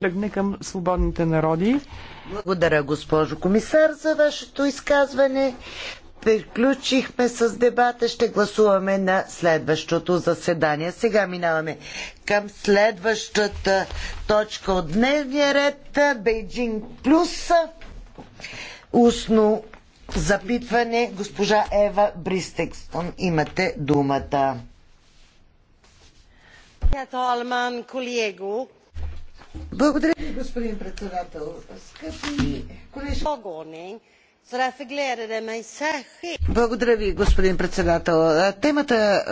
тръгне към свободните народи. Благодаря, госпожо комисар, за вашето изказване. Приключихме с дебата. Ще гласуваме на следващото заседание. Сега минаваме към следващата точка от дневния ред. Бейджинг Плюс. Устно запитване. Госпожа Ева Бристекстон. Имате думата. Herr talman, kollegor! Благодаря ви, господин председател. Скъпи колеги. Благодаря ви, господин председател. Темата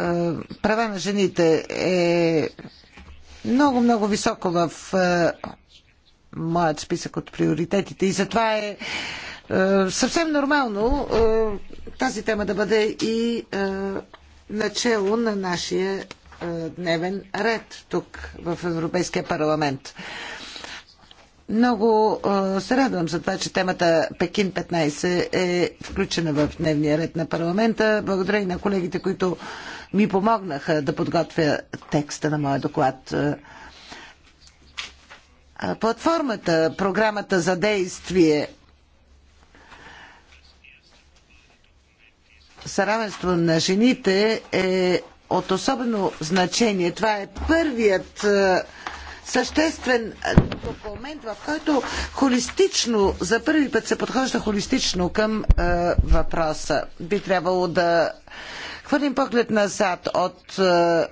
права на жените е много, много високо в моят списък от приоритетите и затова е съвсем нормално тази тема да бъде и начало на нашия е, дневен ред тук в Европейския парламент. Много е, се радвам за това, че темата Пекин 15 е включена в дневния ред на парламента. Благодаря и на колегите, които ми помогнаха да подготвя текста на моя доклад. Е, платформата, програмата за действие за равенство на жените е от особено значение. Това е първият е, съществен е, документ, в който холистично, за първи път се подхожда холистично към е, въпроса. Би трябвало да хвърлим поглед назад от е,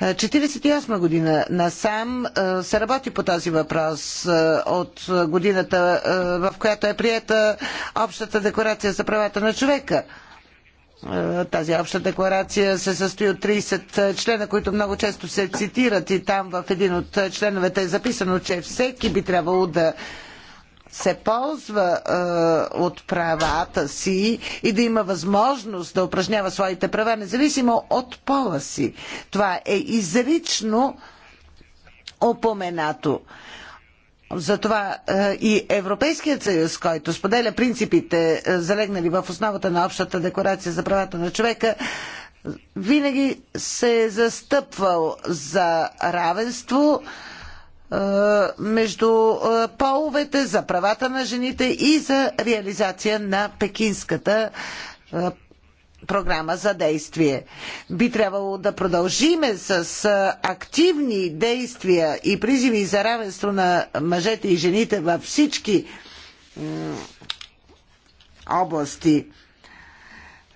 1948 е, година насам се работи по този въпрос от годината, в която е приета Общата декларация за правата на човека. Е, тази обща декларация се състои от 30 е, члена, които много често се цитират и там в един от е, членовете е записано, че всеки би трябвало да се ползва е, от правата си и да има възможност да упражнява своите права, независимо от пола си. Това е изрично опоменато. Затова е, и Европейският съюз, който споделя принципите, е, залегнали в основата на Общата декларация за правата на човека, винаги се е застъпвал за равенство е, между половете, за правата на жените и за реализация на пекинската програма за действие. Би трябвало да продължиме с активни действия и призиви за равенство на мъжете и жените във всички области.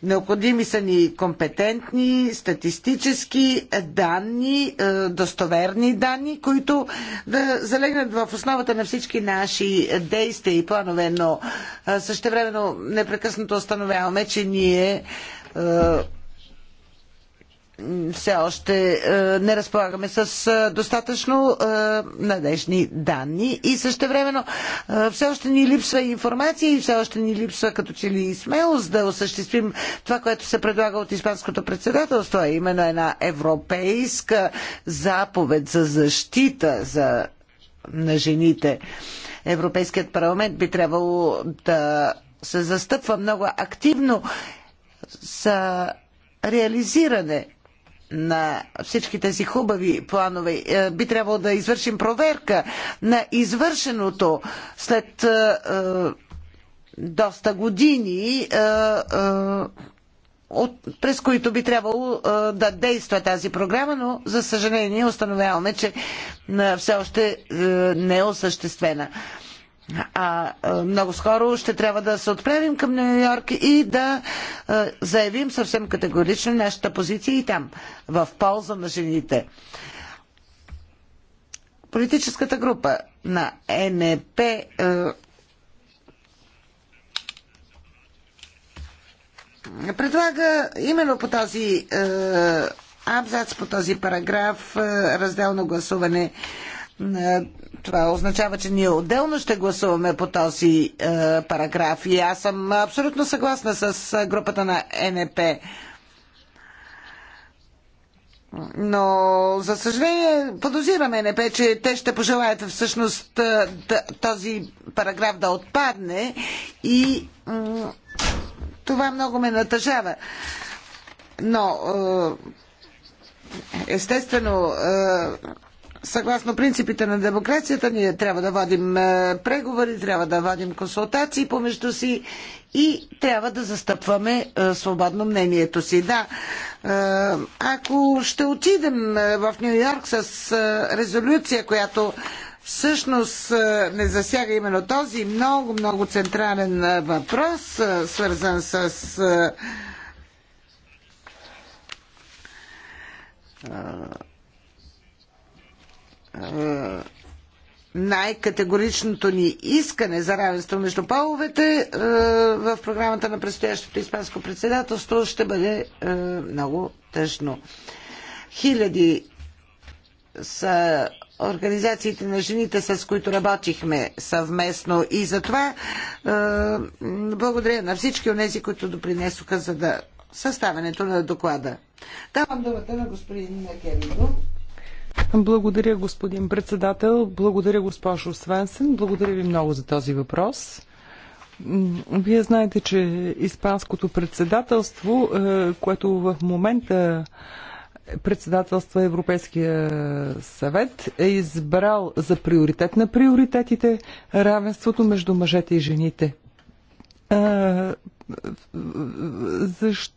Необходими са ни компетентни статистически данни, е, достоверни данни, които да залегнат в основата на всички наши действия и планове, но е, същевременно непрекъснато установяваме, че ние е, все още е, не разполагаме с е, достатъчно е, надежни данни и същевременно все още ни липсва информация и все още ни липсва като че ли и смелост да осъществим това, което се предлага от Испанското председателство, а именно една европейска заповед за защита за, на жените. Европейският парламент би трябвало да се застъпва много активно за реализиране на всички тези хубави планове. Е, би трябвало да извършим проверка на извършеното след е, е, доста години, през които би трябвало да действа тази програма, но за съжаление установяваме, че все още не е осъществена. А много скоро ще трябва да се отправим към Нью Йорк и да заявим съвсем категорично нашата позиция и там, в полза на жените. Политическата група на НП предлага именно по този абзац, по този параграф, разделно гласуване. Е, това означава, че ние отделно ще гласуваме по този е, параграф. И аз съм абсолютно съгласна с е, групата на НП. Но, за съжаление, подозираме НП, че те ще пожелаят всъщност е, този параграф да отпадне и това много ме натъжава. Но, естествено, съгласно принципите на демокрацията, ние трябва да водим е, преговори, трябва да водим консултации помежду си и трябва да застъпваме е, свободно мнението си. Да, е, ако ще отидем в Нью Йорк с резолюция, която всъщност не засяга именно този много, много централен въпрос, свързан с е, най-категоричното ни искане за равенство между половете е, в програмата на предстоящото испанско председателство ще бъде е, много тъжно. Хиляди са организациите на жените, с които работихме съвместно и затова благодаря на всички от тези, които допринесоха за да съставянето на доклада. Давам думата на господин Керидо. Благодаря, господин председател. Благодаря, госпожо Свенсен. Благодаря ви много за този въпрос. Вие знаете, че Испанското председателство, е, което в момента председателства Европейския съвет, е избрал за приоритет на приоритетите равенството между мъжете и жените. Е, защо?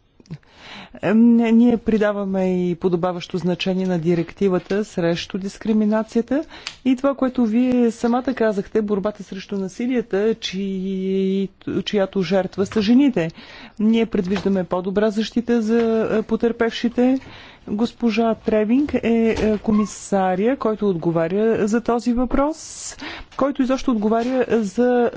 Ние придаваме и подобаващо значение на директивата срещу дискриминацията и това, което вие самата казахте, борбата срещу насилията, чи... чиято жертва са жените. Ние предвиждаме по-добра защита за е, потерпевшите Госпожа Тревинг е, е комисария, който отговаря за този въпрос, който изобщо отговаря за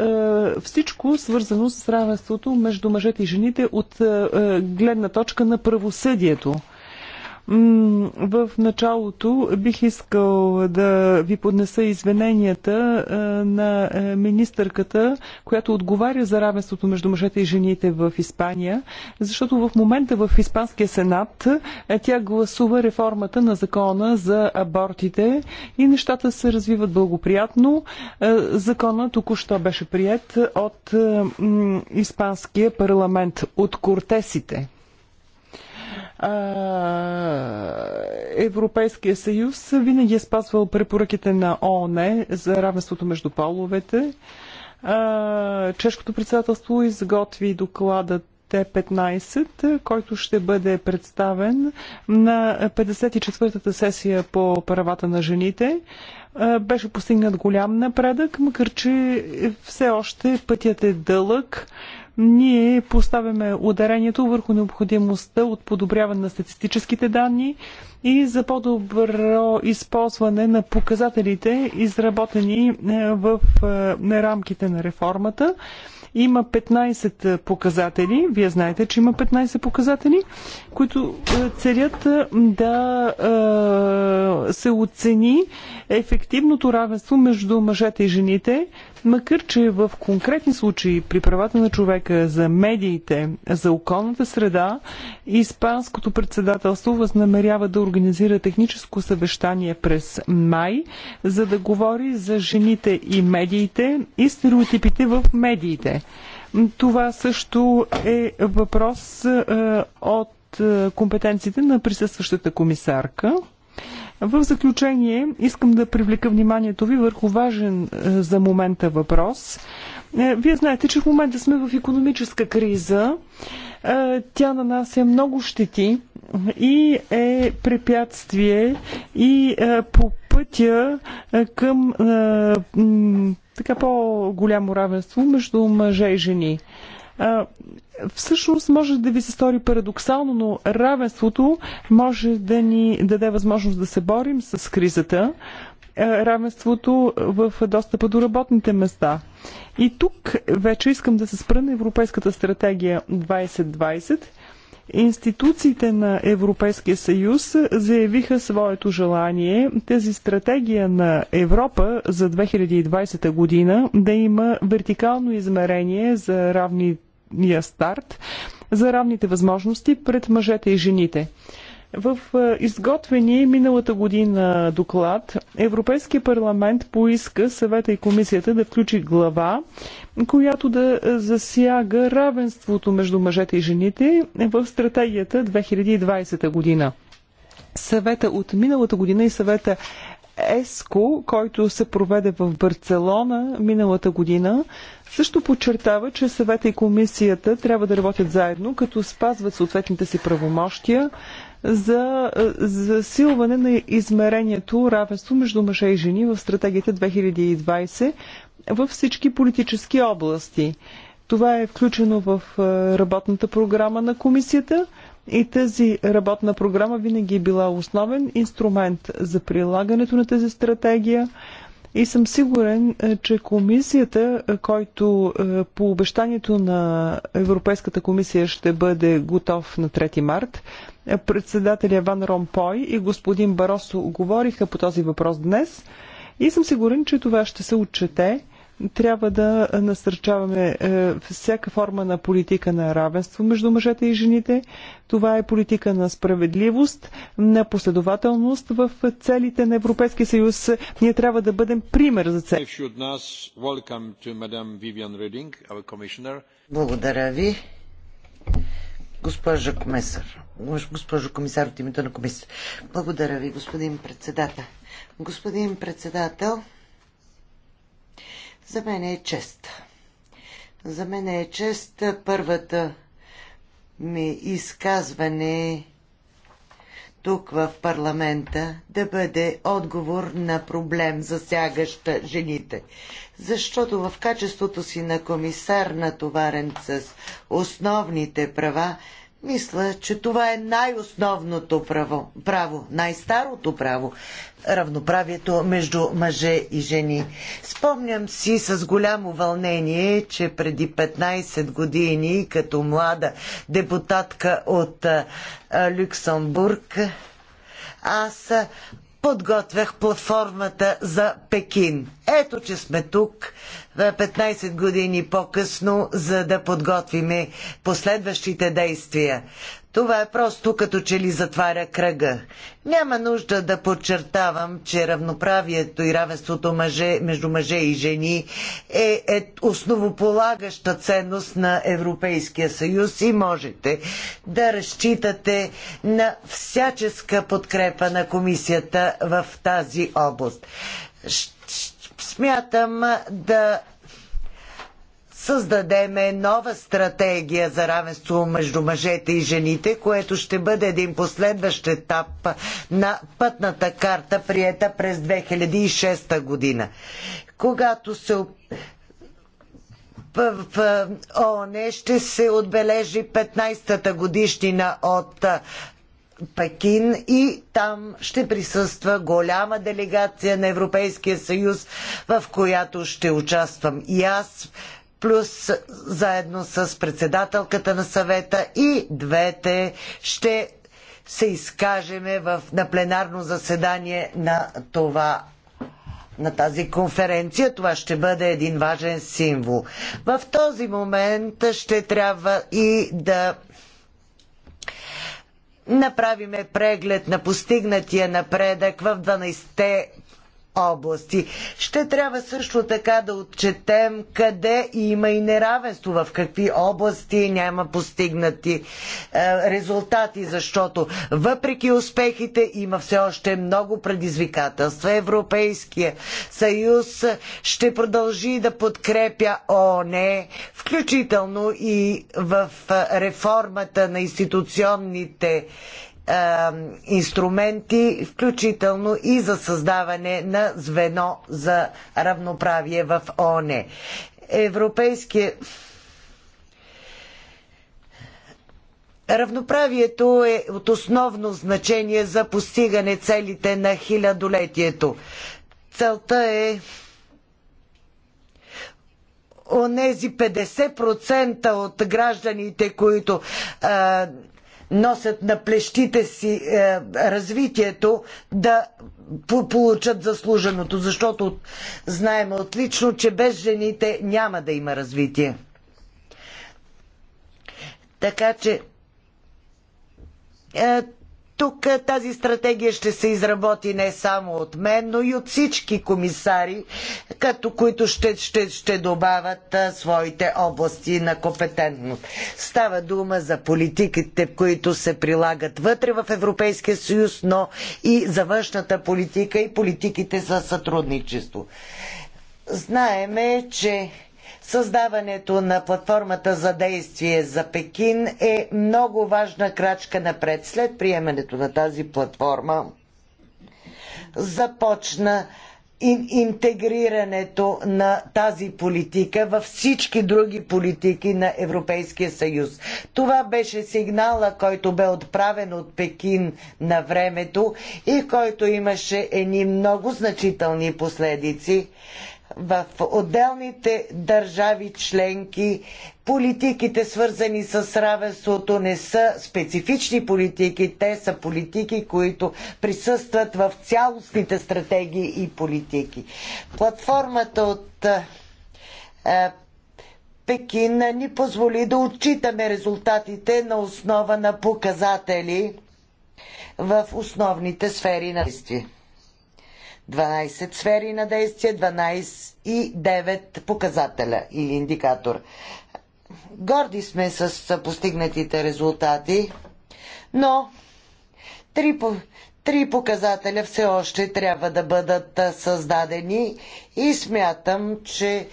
е, всичко свързано с равенството между мъжете и жените от е, гледна точка на правосъдието. В началото бих искал да ви поднеса извиненията на министърката, която отговаря за равенството между мъжете и жените в Испания, защото в момента в Испанския сенат тя гласува реформата на закона за абортите и нещата се развиват благоприятно. Закона, току-що беше прият от Испанския парламент, от Кортесите. Европейския съюз винаги е спазвал препоръките на ООН за равенството между половете. Чешкото председателство изготви доклада Т-15, който ще бъде представен на 54-та сесия по правата на жените. Беше постигнат голям напредък, макар че все още пътят е дълъг ние поставяме ударението върху необходимостта от подобряване на статистическите данни и за по-добро използване на показателите, изработени е, в е, рамките на реформата. Има 15 показатели, вие знаете, че има 15 показатели, които е, целят да се оцени ефективното равенство между мъжете и жените, Макар, че в конкретни случаи при правата на човека, за медиите, за околната среда, Испанското председателство възнамерява да организира техническо съвещание през май, за да говори за жените и медиите и стереотипите в медиите. Това също е въпрос е, от е, компетенциите на присъстващата комисарка. В заключение искам да привлека вниманието ви върху важен е, за момента въпрос. Е, вие знаете, че в момента сме в економическа криза. Е, тя на нас е много щети и е препятствие и по пътя към така по-голямо равенство между мъже и жени. Всъщност може да ви се стори парадоксално, но равенството може да ни даде възможност да се борим с кризата, равенството в достъпа до работните места. И тук вече искам да се спра на Европейската стратегия 2020. Институциите на Европейския съюз заявиха своето желание тази стратегия на Европа за 2020 година да има вертикално измерение за равните равния старт, за равните възможности пред мъжете и жените. В е, изготвени миналата година доклад Европейския парламент поиска съвета и комисията да включи глава, която да е, засяга равенството между мъжете и жените в стратегията 2020 година съвета от миналата година и съвета ЕСКО, който се проведе в Барселона миналата година, също подчертава, че съвета и комисията трябва да работят заедно, като спазват съответните си правомощия за е, засилване на измерението равенство между мъже и жени в стратегията 2020 във всички политически области. Това е включено в е, работната програма на комисията и тази работна програма винаги е била основен инструмент за прилагането на тази стратегия. И съм сигурен, е, че комисията, е, който е, по обещанието на Европейската комисия ще бъде готов на 3 март, председателя Ван Ромпой и господин Баросо говориха по този въпрос днес. И съм сигурен, че това ще се отчете трябва да насърчаваме е, всяка форма на политика на равенство между мъжете и жените. Това е политика на справедливост, на последователност в целите на Европейския съюз. Ние трябва да бъдем пример за цели. Благодаря ви. Госпожа комисар. Госпожо комисар от името на комисията. Благодаря ви, господин председател. Господин председател, за мен е чест. За мен е чест първата ми изказване тук в парламента да бъде отговор на проблем, засягаща жените. Защото в качеството си на комисар, натоварен с основните права, мисля, че това е най-основното право, право най-старото право равноправието между мъже и жени. Спомням си с голямо вълнение, че преди 15 години, като млада депутатка от а, Люксембург, аз подготвях платформата за Пекин. Ето, че сме тук 15 е, години по-късно, за да подготвиме последващите действия. Това е просто като че ли затваря кръга. Няма нужда да подчертавам, че равноправието и равенството мъже, между мъже и жени е, е основополагаща ценност на Европейския съюз и можете да разчитате на всяческа подкрепа на комисията в тази област. Смятам да създадеме нова стратегия за равенство между мъжете и жените, което ще бъде един последващ етап на пътната карта, приета през 2006 година. Когато се в ООН ще се отбележи 15-та годишнина от Пекин и там ще присъства голяма делегация на Европейския съюз, в която ще участвам и аз плюс заедно с председателката на съвета и двете ще се изкажеме в, на пленарно заседание на това на тази конференция. Това ще бъде един важен символ. В този момент ще трябва и да направиме преглед на постигнатия напредък в 12-те области. Ще трябва също така да отчетем къде има и неравенство, в какви области няма постигнати е, резултати, защото въпреки успехите има все още много предизвикателства. Европейския съюз ще продължи да подкрепя ООН, включително и в е, реформата на институционните инструменти, включително и за създаване на звено за равноправие в ОНЕ. Европейския Равноправието е от основно значение за постигане целите на хилядолетието. Целта е онези 50% от гражданите, които а, носят на плещите си е, развитието, да получат заслуженото, защото знаем отлично, че без жените няма да има развитие. Така че е, тук тази стратегия ще се изработи не само от мен, но и от всички комисари, като които ще, ще, ще добавят а, своите области на компетентност. Става дума за политиките, които се прилагат вътре в Европейския съюз, но и за външната политика и политиките за сътрудничество. Знаеме, че Създаването на платформата за действие за Пекин е много важна крачка напред. След приемането на тази платформа започна интегрирането на тази политика във всички други политики на Европейския съюз. Това беше сигнала, който бе отправен от Пекин на времето и който имаше едни много значителни последици в отделните държави членки политиките свързани с равенството не са специфични политики, те са политики, които присъстват в цялостните стратегии и политики. Платформата от е, е, Пекин ни позволи да отчитаме резултатите на основа на показатели в основните сфери на действие. 12 сфери на действие, 12 и 9 показателя или индикатор. Горди сме с постигнатите резултати, но три, три показателя все още трябва да бъдат създадени и смятам, че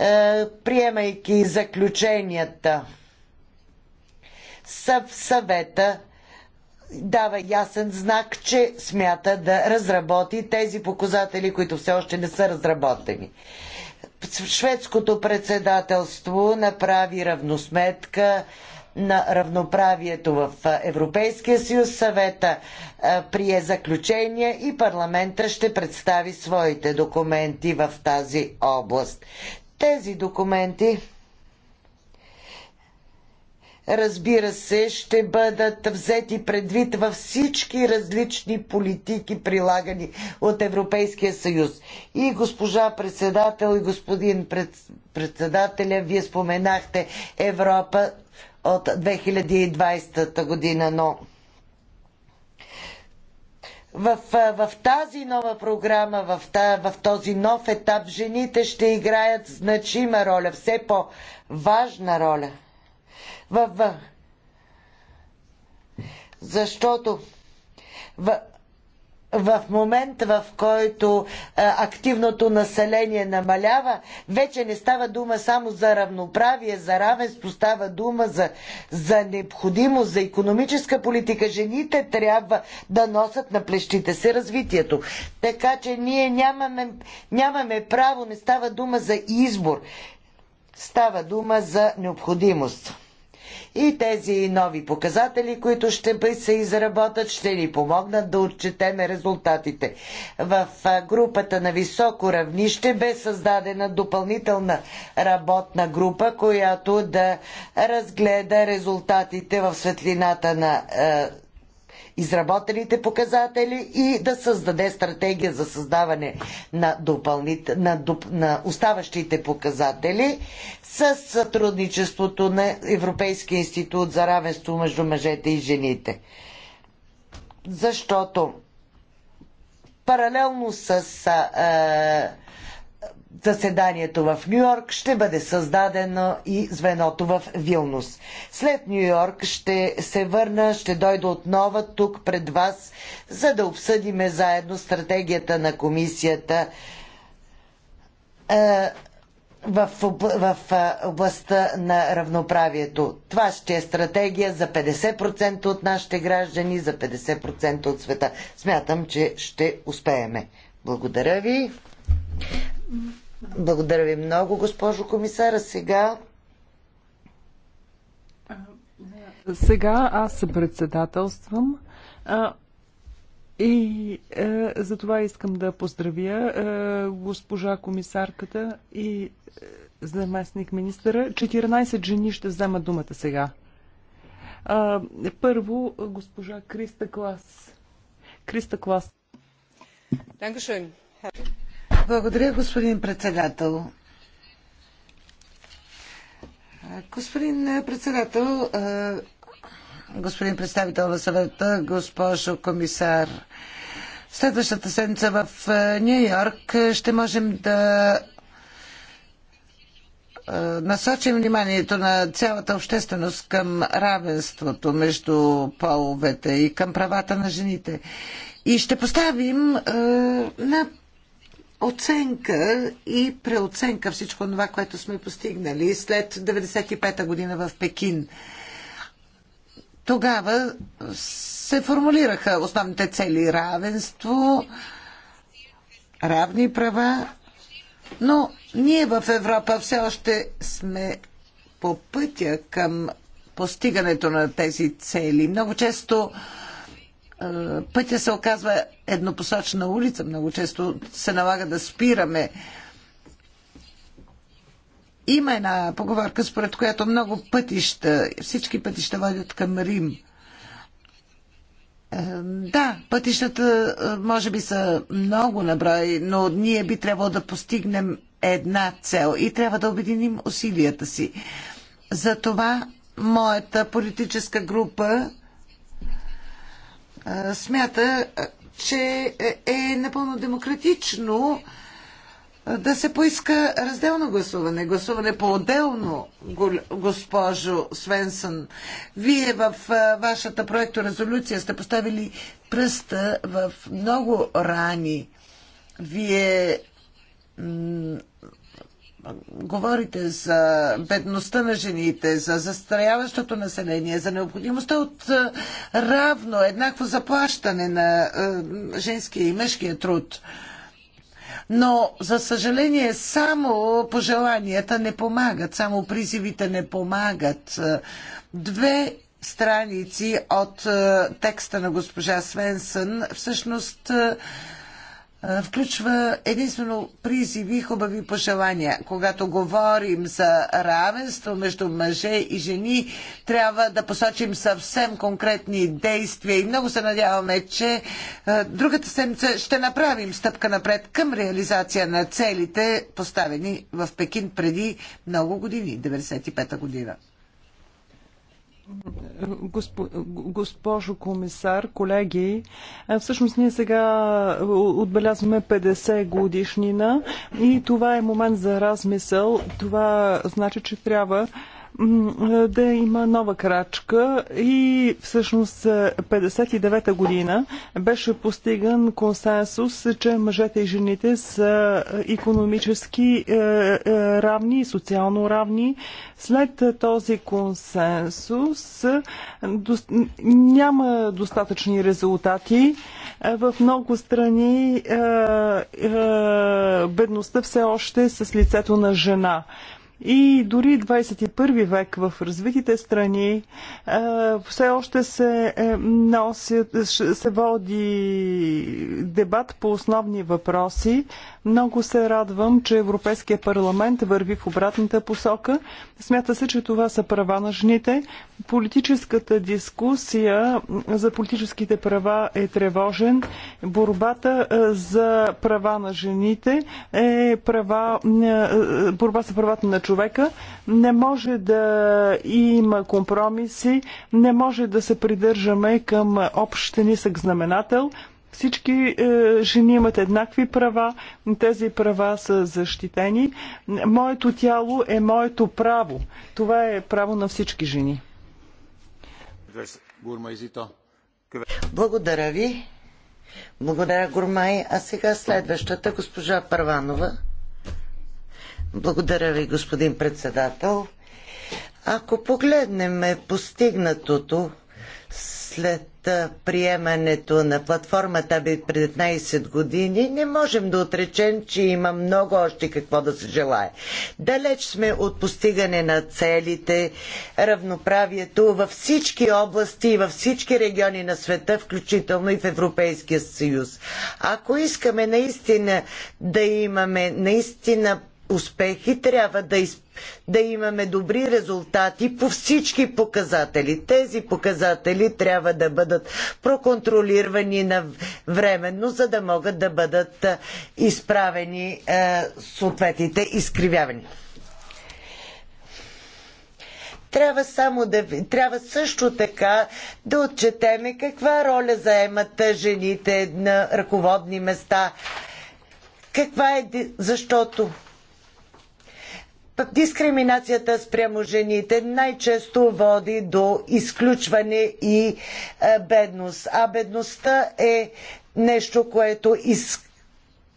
е, приемайки заключенията, съв съвета дава ясен знак, че смята да разработи тези показатели, които все още не са разработени. Шведското председателство направи равносметка на равноправието в Европейския съюз. Съвета е, прие заключение и парламента ще представи своите документи в тази област. Тези документи разбира се, ще бъдат взети предвид във всички различни политики, прилагани от Европейския съюз. И госпожа председател и господин председателя, вие споменахте Европа от 2020 година, но в, в, тази нова програма, в, в този нов етап, жените ще играят значима роля, все по-важна роля – в... Защото в, в момент, в който а, е, активното население намалява, вече не става дума само за равноправие, за равенство, става дума за, за необходимост, за економическа политика. Жените трябва да носят на плещите си развитието. Така че ние нямаме, нямаме право, не става дума за избор, става дума за необходимост. И тези нови показатели, които ще се изработят, ще ни помогнат да отчетеме резултатите. В групата на високо равнище бе създадена допълнителна работна група, която да разгледа резултатите в светлината на изработените показатели и да създаде стратегия за създаване на, допълнит, на, доп, на оставащите показатели с сътрудничеството на Европейския институт за равенство между мъжете и жените. Защото паралелно с а, заседанието в Ню Йорк ще бъде създадено и звеното в Вилнус. След Ню Йорк ще се върна, ще дойда отново тук пред вас, за да обсъдиме заедно стратегията на комисията е, в, в е, областта на равноправието. Това ще е стратегия за 50% от нашите граждани, за 50% от света. Смятам, че ще успееме. Благодаря ви. Благодаря ви много, госпожо комисара. Сега сега аз се председателствам а, и а, е, за това искам да поздравя а, е, госпожа комисарката и е, заместник министъра. 14 жени ще вземат думата сега. А, първо госпожа Криста Клас. Криста Клас. Благодаря. Благодаря, господин председател. Господин председател, господин представител на съвета, госпожо комисар, следващата седмица в Нью Йорк ще можем да насочим вниманието на цялата общественост към равенството между половете и към правата на жените. И ще поставим на оценка и преоценка всичко това, което сме постигнали след 95 та година в Пекин. Тогава се формулираха основните цели равенство, равни права, но ние в Европа все още сме по пътя към постигането на тези цели. Много често пътя се оказва еднопосочна улица. Много често се налага да спираме. Има една поговорка, според която много пътища, всички пътища водят към Рим. Е, да, пътищата е, може би са много наброи, но ние би трябвало да постигнем една цел и трябва да обединим усилията си. Затова моята политическа група смята, че е, е напълно демократично да се поиска разделно гласуване, гласуване по-отделно, госпожо Свенсън. Вие в вашата проекторезолюция сте поставили пръста в много рани. Вие говорите за бедността на жените, за застаряващото население, за необходимостта от е, равно, еднакво заплащане на е, женския и мъжкия труд. Но, за съжаление, само пожеланията не помагат, само призивите не помагат. Е, две страници от текста на госпожа Свенсън всъщност включва единствено призиви, хубави пожелания. Когато говорим за равенство между мъже и жени, трябва да посочим съвсем конкретни действия и много се надяваме, че другата седмица ще направим стъпка напред към реализация на целите, поставени в Пекин преди много години, 95-та година. Госпожо комисар, колеги, всъщност ние сега отбелязваме 50 годишнина и това е момент за размисъл. Това значи, че трябва да има нова крачка и всъщност 59-та година беше постиган консенсус, че мъжете и жените са економически равни и социално равни. След този консенсус няма достатъчни резултати. В много страни бедността все още е с лицето на жена. И дори 21 век в развитите страни все още се, е, носят, се води дебат по основни въпроси. Много се радвам, че Европейския парламент върви в обратната посока. Смята се, че това са права на жените. Политическата дискусия за политическите права е тревожен. Борбата е, за права на жените е права, е, борба за правата на човека, не може да има компромиси, не може да се придържаме към общ нисък знаменател. Всички е, жени имат еднакви права, тези права са защитени. Моето тяло е моето право. Това е право на всички жени. Благодаря ви. Благодаря, Гурмай. А сега следващата, госпожа Първанова. Благодаря ви, господин председател. Ако погледнем постигнатото след приемането на платформата би пред 15 години, не можем да отречем, че има много още какво да се желае. Далеч сме от постигане на целите, равноправието във всички области и във всички региони на света, включително и в Европейския съюз. Ако искаме наистина да имаме наистина успехи, трябва да, из... да имаме добри резултати по всички показатели. Тези показатели трябва да бъдат проконтролирани навременно, временно, за да могат да бъдат изправени е, съответните изкривявания. Трябва, само да, трябва също така да отчетеме каква роля заемат жените на ръководни места. Каква е, защото Дискриминацията спрямо жените най-често води до изключване и е, бедност. А бедността е нещо, което из...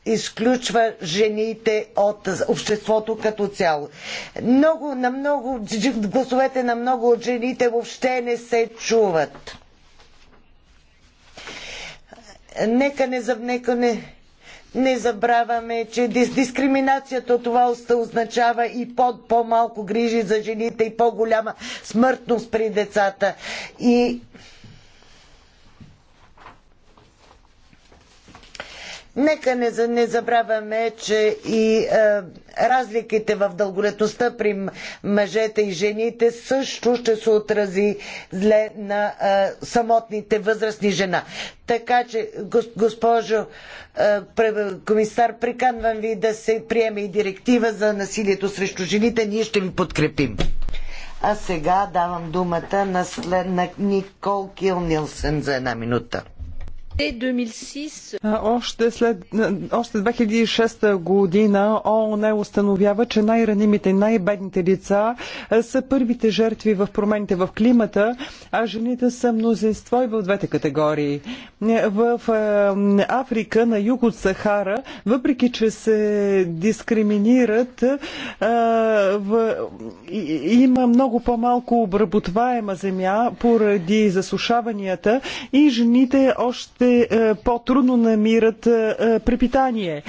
изключва жените от обществото като цяло. Много, на много, гласовете на много от жените въобще не се чуват. Нека не, нека не, не забравяме, че дис- дискриминацията от това означава и под по-малко грижи за жените и по-голяма смъртност при децата. И Нека не, не забравяме, че и е, разликите в дълголетността при мъжете и жените също ще се отрази зле на е, самотните възрастни жена. Така че, госпожо е, комисар, приканвам ви да се приеме и директива за насилието срещу жените. Ние ще ви подкрепим. А сега давам думата на, след, на Никол Кил Нилсен за една минута. Още, 2006 година ООН е установява, че най-ранимите, най-бедните лица са първите жертви в промените в климата, а жените са мнозинство и в двете категории. Е, в Африка, на юг от Сахара, въпреки, че се дискриминират, има много по-малко обработваема земя поради засушаванията и жените още е, е, по-трудно намират е, препитание.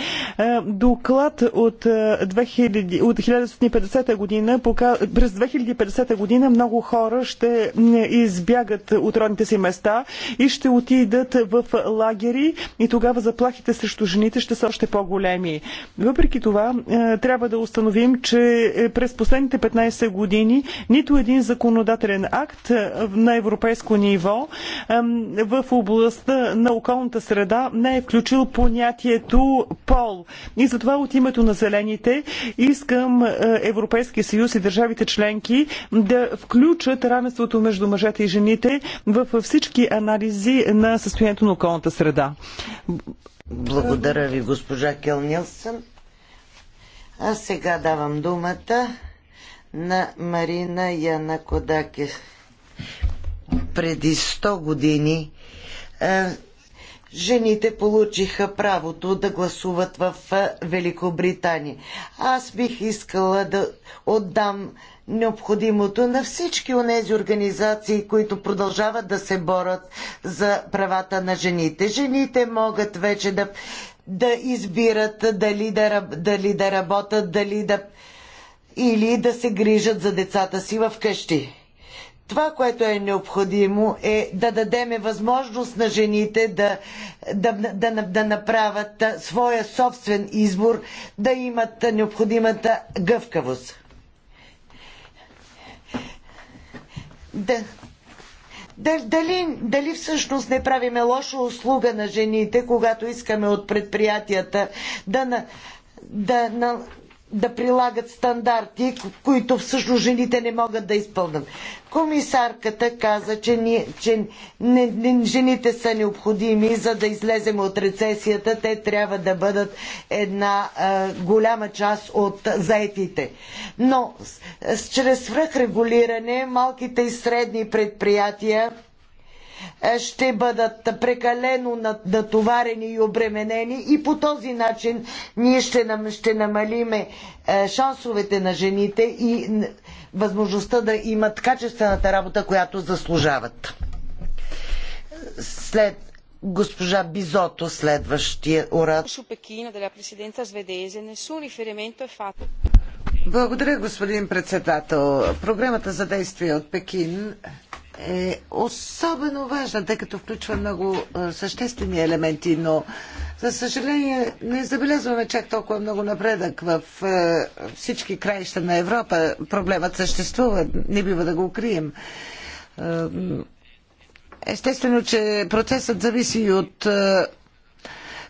Доклад от, 2000, от 1950 година през 2050 година много хора ще избягат от родните си места и ще отидат в лагери и тогава заплахите срещу жените ще са още по-големи. Въпреки това, трябва да установим, че през последните 15 години нито един законодателен акт на европейско ниво в областта на на околната среда не е включил понятието пол. И затова от името на зелените искам е, Европейския съюз и държавите членки да включат равенството между мъжете и жените във всички анализи на състоянието на околната среда. Благодаря ви, госпожа Келнилсън. Аз А сега давам думата на Марина Яна Кодаке. Преди 100 години е, жените получиха правото да гласуват в Великобритания. Аз бих искала да отдам необходимото на всички онези организации, които продължават да се борят за правата на жените. Жените могат вече да, да избират дали да, дали да работят, дали да или да се грижат за децата си в къщи. Това, което е необходимо е да дадеме възможност на жените да, да, да, да направят своя собствен избор, да имат необходимата гъвкавост. Да, дали, дали всъщност не правиме лоша услуга на жените, когато искаме от предприятията да, да, да прилагат стандарти, които всъщност жените не могат да изпълнят. Комисарката каза, че, ни, че не, не, жените са необходими, за да излезем от рецесията. Те трябва да бъдат една а, голяма част от заетите. Но с, с, чрез свръхрегулиране малките и средни предприятия е, ще бъдат прекалено натоварени и обременени и по този начин ние ще, нам, ще намалиме е, шансовете на жените и възможността да имат качествената работа, която заслужават. След госпожа Бизото, следващия оратор. Благодаря, господин председател. Програмата за действие от Пекин е особено важна, тъй като включва много е, съществени елементи, но за съжаление не забелязваме чак толкова много напредък в е, всички краища на Европа. Проблемът съществува, не бива да го крием. Е, естествено, че процесът зависи и от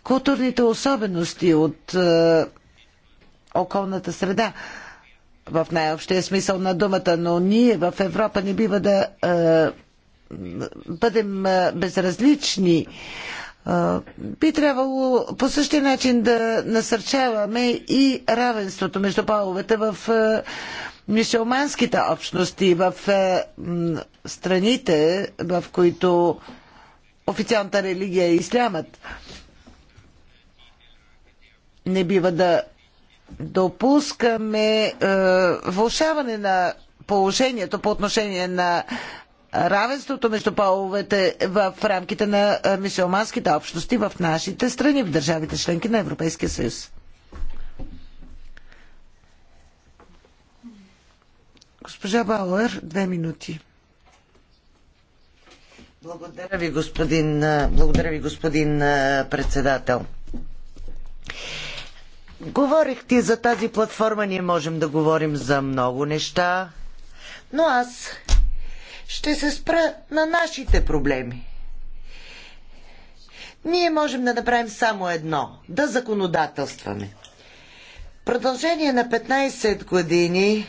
културните особености, от околната среда в най-общия смисъл на думата, но ние в Европа не бива да е, бъдем е, безразлични. Е, би трябвало по същия начин да насърчаваме и равенството между половете в мисиоманските общности, в страните, в които официалната религия е ислямът. Не бива да допускаме е, влушаване на положението по отношение на равенството между половете в рамките на е, мисиоманските общности в нашите страни, в държавите членки на Европейския съюз. Госпожа Бауер, две минути. Благодаря ви, господин, е, благодаря ви, господин е, председател. Говорихте за тази платформа, ние можем да говорим за много неща, но аз ще се спра на нашите проблеми. Ние можем да направим само едно да законодателстваме. В Продължение на 15 години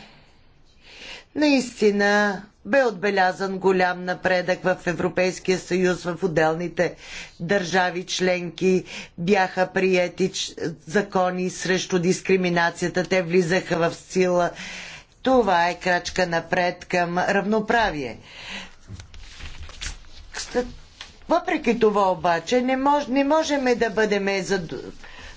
наистина бе отбелязан голям напредък в Европейския съюз, в отделните държави членки. Бяха приети закони срещу дискриминацията, те влизаха в сила. Това е крачка напред към равноправие. Въпреки това обаче не, мож, не можем да бъдем задоволени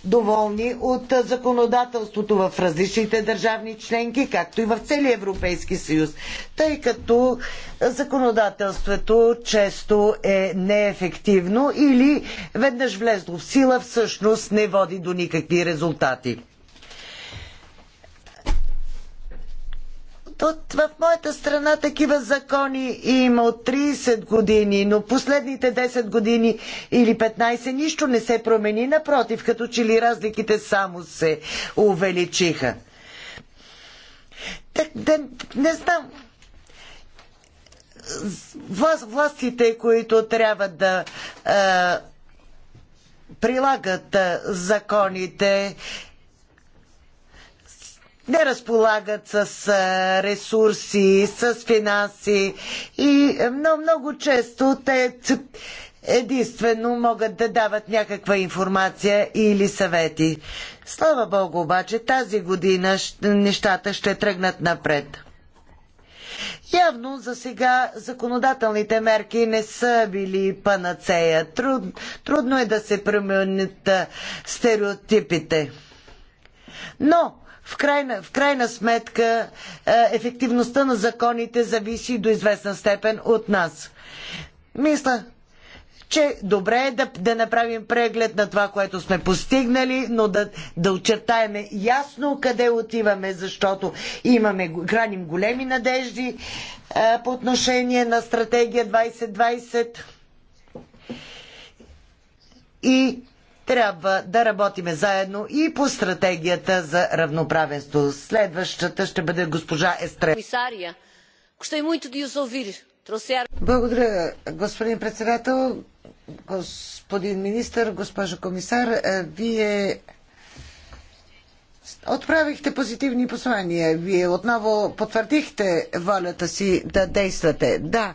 доволни от законодателството в различните държавни членки, както и в целия Европейски съюз, тъй като законодателството често е неефективно или веднъж влезло в сила всъщност не води до никакви резултати. От, в моята страна такива закони има от 30 години, но последните 10 години или 15 нищо не се промени. Напротив, като че ли разликите само се увеличиха. Так, да, не знам. Власт, властите, които трябва да а, прилагат а, законите, не разполагат с ресурси, с финанси и много, много често те единствено могат да дават някаква информация или съвети. Слава Богу, обаче тази година нещата ще тръгнат напред. Явно за сега законодателните мерки не са били панацея. Труд, трудно е да се променят стереотипите. Но в крайна, в крайна сметка е, ефективността на законите зависи до известна степен от нас. Мисля, че добре е да, да, направим преглед на това, което сме постигнали, но да, да очертаеме ясно къде отиваме, защото имаме, храним големи надежди а, е, по отношение на стратегия 2020 и трябва да работиме заедно и по стратегията за равноправенство. Следващата ще бъде госпожа Естре. Благодаря, господин председател, господин министър, госпожо комисар. Е, вие Отправихте позитивни послания. Вие отново потвърдихте волята си да действате. Да,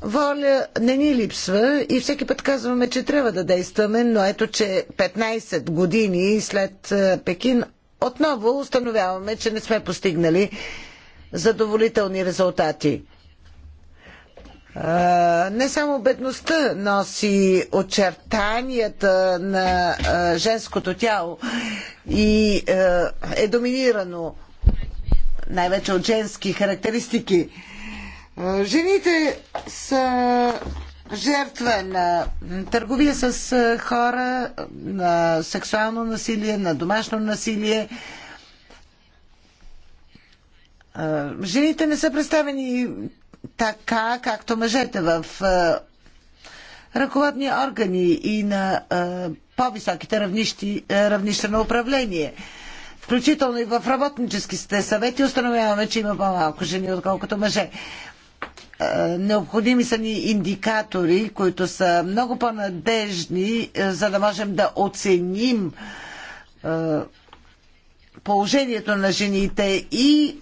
Воля не ни липсва и всеки път казваме, че трябва да действаме, но ето, че 15 години след е, Пекин отново установяваме, че не сме постигнали задоволителни резултати. Е, не само бедността носи очертанията на е, женското тяло и е доминирано най-вече от женски характеристики Жените са жертва на търговия с хора, на сексуално насилие, на домашно насилие. Жените не са представени така, както мъжете в ръководни органи и на по-високите равнища на управление. Включително и в работническите съвети установяваме, че има по-малко жени, отколкото мъже. Е, необходими са ни индикатори, които са много по-надежни, е, за да можем да оценим е, положението на жените и,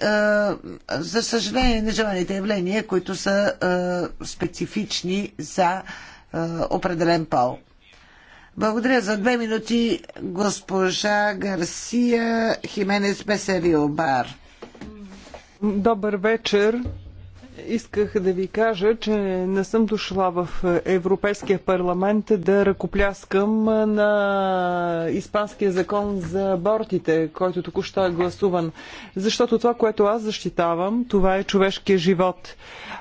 за съжаление, нежеланите явления, които са специфични за определен пол. Благодаря за две минути госпожа Гарсия Хименес Бесерио Бар. Добър вечер. Исках да ви кажа, че не съм дошла в Европейския парламент да ръкопляскам на Испанския закон за абортите, който току-що е гласуван. Защото това, което аз защитавам, това е човешкия живот.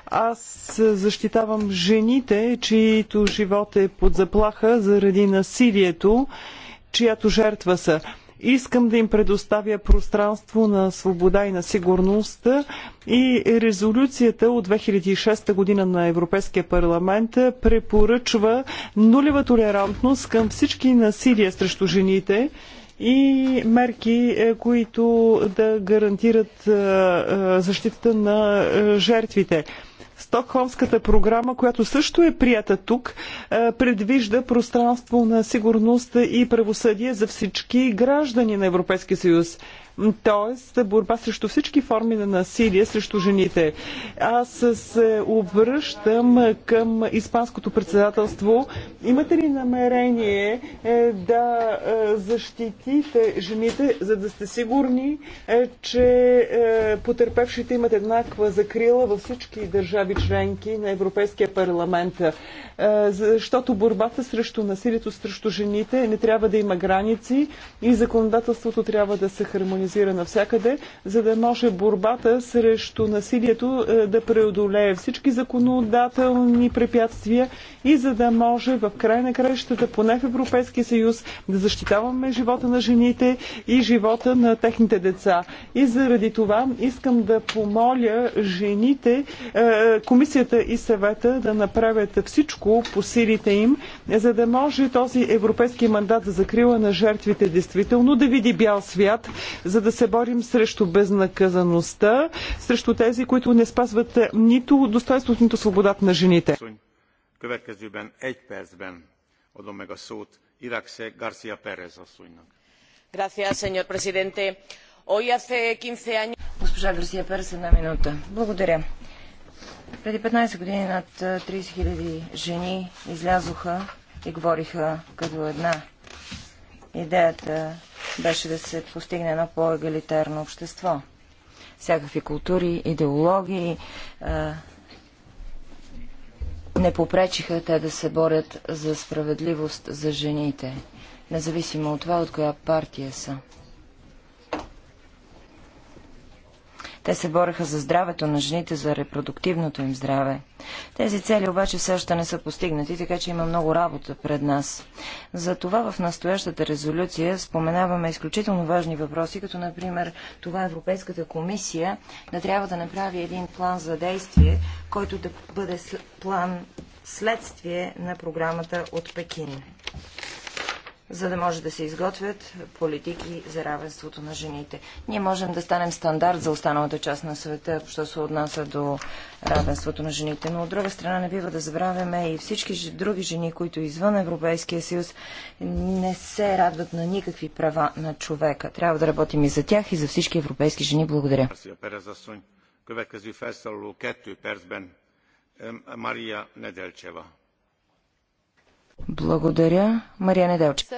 Аз защитавам жените, чието живот е под заплаха заради насилието, чиято жертва са. Искам да им предоставя пространство на свобода и на сигурност и резолюцията от 2006 година на Европейския парламент препоръчва нулева толерантност към всички насилия срещу жените и мерки, е, които да гарантират е, е, защитата на жертвите. Стокхолмската програма, която също е прията тук, е, предвижда пространство на сигурност и правосъдие за всички граждани на Европейския съюз т.е. борба срещу всички форми на насилие срещу жените. Аз се обръщам към Испанското председателство. Имате ли намерение е, да е, защитите жените, за да сте сигурни, е, че потерпевшите имат еднаква закрила във всички държави членки на Европейския парламент? Защото борбата срещу насилието срещу жените не трябва да има граници и законодателството трябва да се хармонизира организира навсякъде, за да може борбата срещу насилието е, да преодолее всички законодателни препятствия и за да може в край на краищата, поне в Европейския съюз, да защитаваме живота на жените и живота на техните деца. И заради това искам да помоля жените, е, комисията и съвета да направят всичко по силите им, за да може този европейски мандат за закрила на жертвите действително да види бял свят, за да се борим срещу безнаказаността, срещу тези, които не спазват нито достоинството, нито свободата на жените. Госпожа Гарсия Перес, една минута. Благодаря. Преди 15 години над 30 000 жени излязоха и говориха като една Идеята беше да се постигне едно по-егалитарно общество. Всякакви култури, идеологии а, не попречиха те да се борят за справедливост за жените, независимо от това, от коя партия са. Те се бореха за здравето на жените, за репродуктивното им здраве. Тези цели обаче все още не са постигнати, така че има много работа пред нас. Затова в настоящата резолюция споменаваме изключително важни въпроси, като например това Европейската комисия да трябва да направи един план за действие, който да бъде план следствие на програмата от Пекин за да може да се изготвят политики за равенството на жените. Ние можем да станем стандарт за останалата част на света, що се отнася до равенството на жените. Но от друга страна не бива да забравяме и всички други жени, които извън Европейския съюз не се радват на никакви права на човека. Трябва да работим и за тях, и за всички европейски жени. Благодаря. Благодаря. Мария Делчев.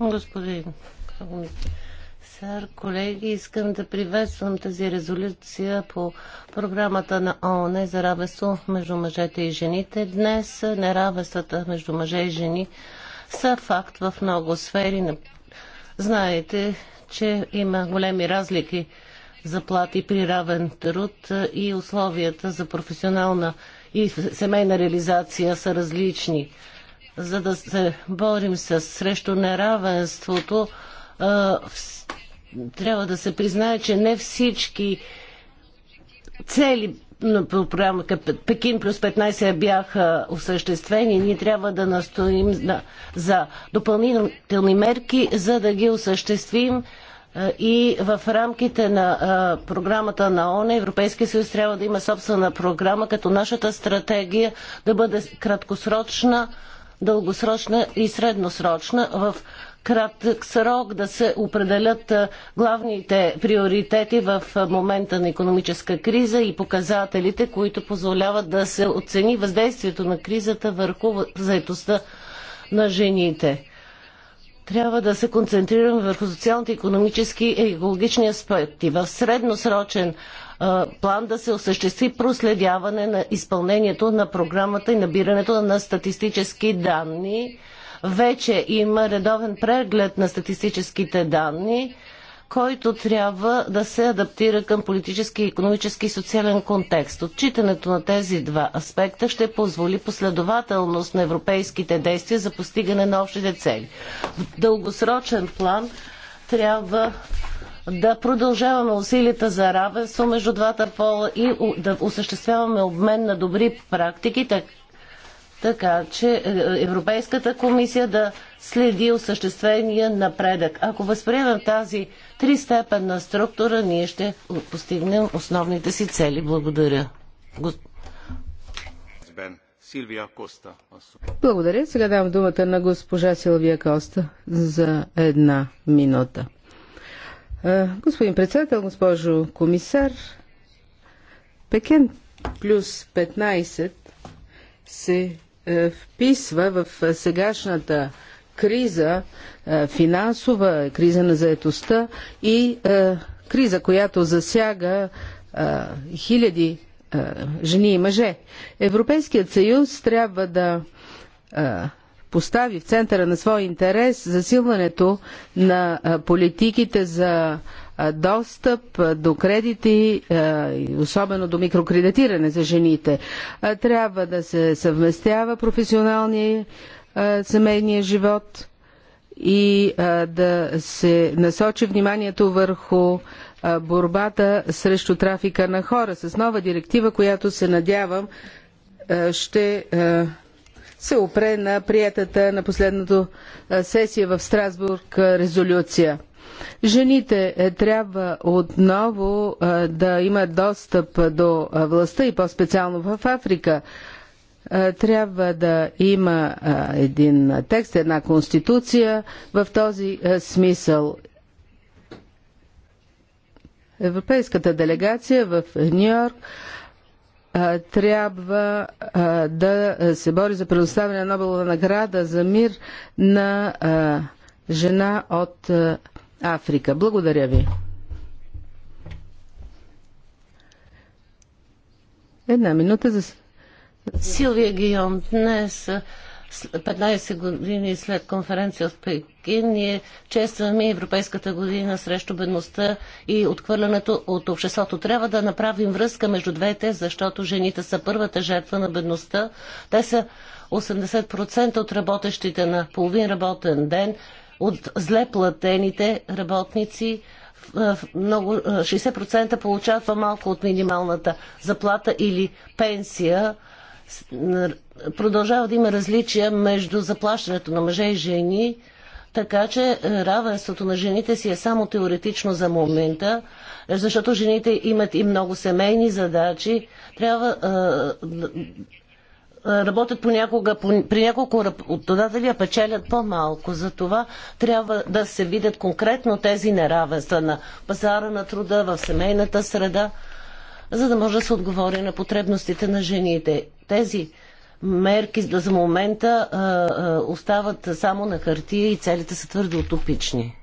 Господин Сър, колеги, искам да приветствам тази резолюция по програмата на ООН за равенство между мъжете и жените. Днес неравенствата между мъже и жени са факт в много сфери. Знаете, че има големи разлики заплати при равен труд и условията за професионална и семейна реализация са различни. За да се борим с, срещу неравенството, трябва да се признае, че не всички цели на програма Пекин плюс 15 бяха осъществени. Ние трябва да настоим за допълнителни мерки, за да ги осъществим и в рамките на програмата на ООН Европейския съюз трябва да има собствена програма, като нашата стратегия да бъде краткосрочна, дългосрочна и средносрочна. В кратък срок да се определят главните приоритети в момента на економическа криза и показателите, които позволяват да се оцени въздействието на кризата върху заетостта на жените. Трябва да се концентрираме върху социалните, економически и екологични аспекти. В средносрочен план да се осъществи проследяване на изпълнението на програмата и набирането на статистически данни. Вече има редовен преглед на статистическите данни който трябва да се адаптира към политически, економически и социален контекст. Отчитането на тези два аспекта ще позволи последователност на европейските действия за постигане на общите цели. В дългосрочен план трябва да продължаваме усилията за равенство между двата пола и да осъществяваме обмен на добри практики, така че е, Европейската комисия да следи осъществения напредък. Ако възприемем тази тристепенна структура ние ще постигнем основните си цели. Благодаря. Благодаря. Сега давам думата на госпожа Силвия Коста за една минута. Господин председател, госпожо комисар, Пекен плюс 15 се е, вписва в сегашната криза, е, финансова криза на заетостта и е, криза, която засяга е, хиляди жени и мъже. Европейският съюз трябва да постави в центъра на своя интерес засилването на политиките за достъп до кредити, особено до микрокредитиране за жените. Трябва да се съвместява професионалния семейния живот и да се насочи вниманието върху борбата срещу трафика на хора с нова директива, която се надявам ще се опре на приятата на последното сесия в Страсбург резолюция. Жените е, трябва отново да имат достъп до властта и по-специално в Африка. Е, трябва да има е, един текст, една конституция в този е, смисъл. Европейската делегация в Нью-Йорк трябва да се бори за предоставяне на Нобелова награда за мир на жена от Африка. Благодаря ви. Една минута за Силвия Гион, днес 15 години след конференция в Пекин, ние честваме Европейската година срещу бедността и отхвърлянето от обществото. Трябва да направим връзка между двете, защото жените са първата жертва на бедността. Те са 80% от работещите на половин работен ден, от зле платените работници, много, 60% получават малко от минималната заплата или пенсия продължава да има различия между заплащането на мъже и жени, така че е, равенството на жените си е само теоретично за момента, защото жените имат и много семейни задачи. Трябва е, е, работят понякога при няколко работодатели, а печелят по-малко. За това трябва да се видят конкретно тези неравенства на пазара на труда, в семейната среда за да може да се отговори на потребностите на жените. Тези мерки за момента а, а, остават само на хартия и целите са твърде утопични.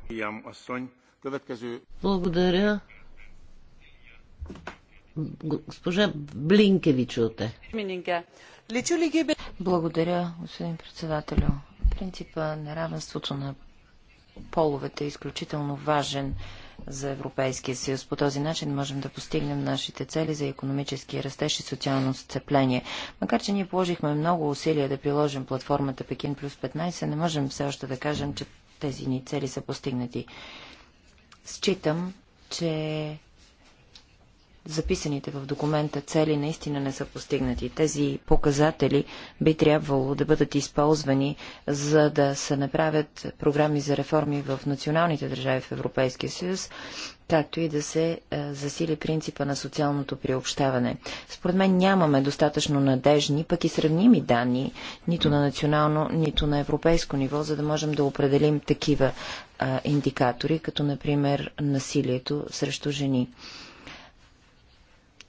Благодаря. Госпожа Блинкевичуте. Благодаря, господин председателю. Принципа на равенството на половете е изключително важен за Европейския съюз. По този начин можем да постигнем нашите цели за економически растеж и социално сцепление. Макар, че ние положихме много усилия да приложим платформата Пекин плюс 15, не можем все още да кажем, че тези ни цели са постигнати. Считам, че записаните в документа цели наистина не са постигнати. Тези показатели би трябвало да бъдат използвани, за да се направят програми за реформи в националните държави в Европейския съюз, както и да се е, засили принципа на социалното приобщаване. Според мен нямаме достатъчно надежни, пък и сравними данни, нито на национално, нито на европейско ниво, за да можем да определим такива е, индикатори, като например насилието срещу жени.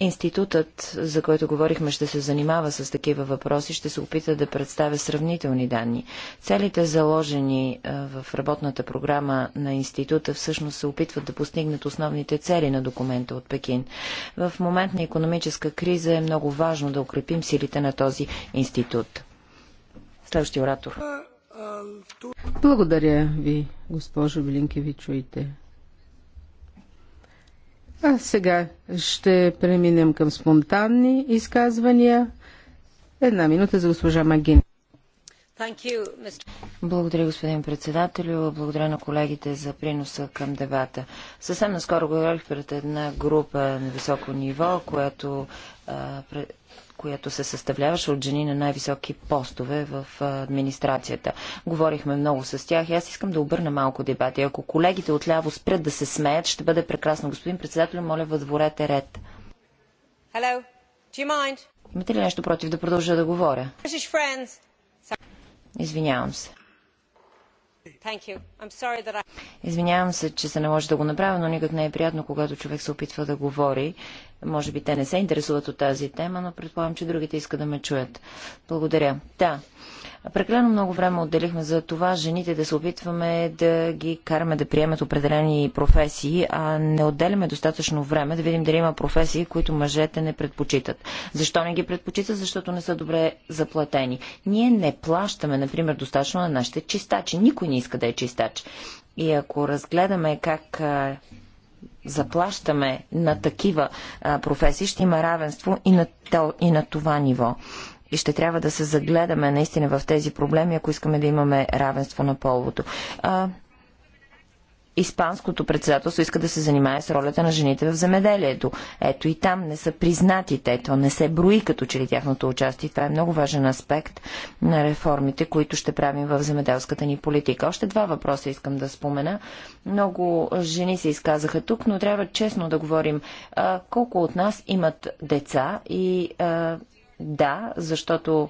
Институтът, за който говорихме, ще се занимава с такива въпроси, ще се опита да представя сравнителни данни. Целите, заложени в работната програма на института, всъщност се опитват да постигнат основните цели на документа от Пекин. В момент на економическа криза е много важно да укрепим силите на този институт. Следващия оратор. Благодаря ви, госпожо Билинкевич, чуйте. А сега ще преминем към спонтанни изказвания. Една минута за госпожа Магин. Благодаря, господин председател, Благодаря на колегите за приноса към дебата. Съвсем наскоро говорих пред една група на високо ниво, която а, пред, която се съставляваше от жени на най-високи постове в администрацията. Говорихме много с тях и аз искам да обърна малко дебати. Ако колегите отляво спрят да се смеят, ще бъде прекрасно. Господин председател, моля, въдворете ред. Hello. Do you mind? Имате ли нещо против да продължа да говоря? Извинявам се. I... Извинявам се, че се наложи да го направя, но никак не е приятно, когато човек се опитва да говори може би те не се интересуват от тази тема, но предполагам, че другите искат да ме чуят. Благодаря. Да. Прекалено много време отделихме за това жените да се опитваме да ги караме да приемат определени професии, а не отделяме достатъчно време да видим дали има професии, които мъжете не предпочитат. Защо не ги предпочитат? Защото не са добре заплатени. Ние не плащаме, например, достатъчно на нашите чистачи. Никой не иска да е чистач. И ако разгледаме как заплащаме на такива а, професии, ще има равенство и на, и на това ниво. И ще трябва да се загледаме наистина в тези проблеми, ако искаме да имаме равенство на полвото. А, Испанското председателство иска да се занимае с ролята на жените в земеделието. Ето и там не са признати те, то не се брои като че ли тяхното участие. Това е много важен аспект на реформите, които ще правим в земеделската ни политика. Още два въпроса искам да спомена. Много жени се изказаха тук, но трябва честно да говорим а, колко от нас имат деца и а, да, защото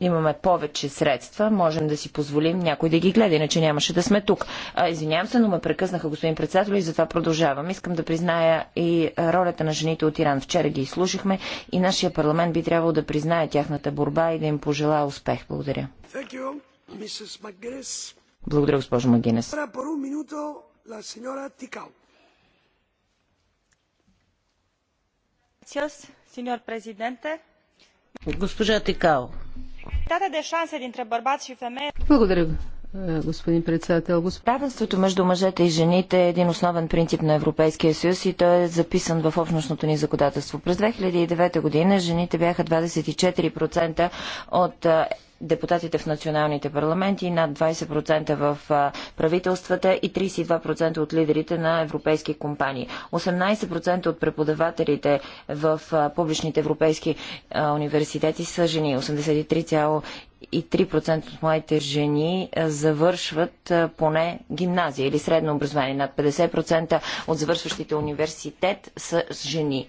имаме повече средства, можем да си позволим някой да ги гледа, иначе нямаше да сме тук. А, извинявам се, но ме прекъснаха, господин председател, и затова продължавам. Искам да призная и ролята на жените от Иран. Вчера ги изслушахме и нашия парламент би трябвало да признае тяхната борба и да им пожела успех. Благодаря. You, Благодаря, госпожо Магинес. Госпожа Тикао. Благодаря, господин председател. Равенството между мъжете и жените е един основен принцип на Европейския съюз и той е записан в общностното ни законодателство. През 2009 година жените бяха 24% от депутатите в националните парламенти, над 20% в правителствата и 32% от лидерите на европейски компании. 18% от преподавателите в публичните европейски университети са жени. 83,3% от младите жени завършват поне гимназия или средно образование. Над 50% от завършващите университет са жени.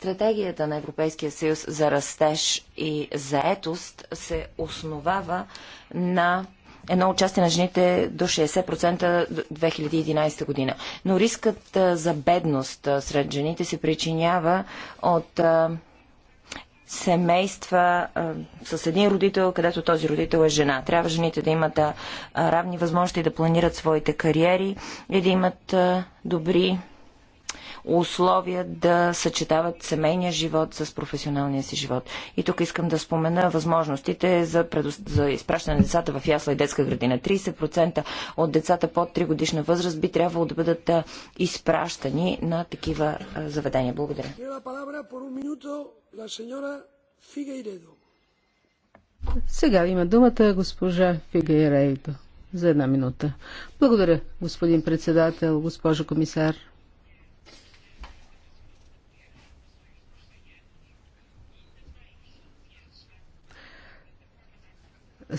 Стратегията на Европейския съюз за растеж и заетост се основава на едно участие на жените до 60% 2011 година. Но рискът за бедност сред жените се причинява от семейства а, с един родител, където този родител е жена. Трябва жените да имат а, равни възможности да планират своите кариери и да имат а, добри условия да съчетават семейния живот с професионалния си живот. И тук искам да спомена възможностите за, предо... за изпращане на децата в ясла и детска градина. 30% от децата под 3 годишна възраст би трябвало да бъдат изпращани на такива заведения. Благодаря. Сега има думата госпожа Фигейрейдо за една минута. Благодаря, господин председател, госпожо комисар,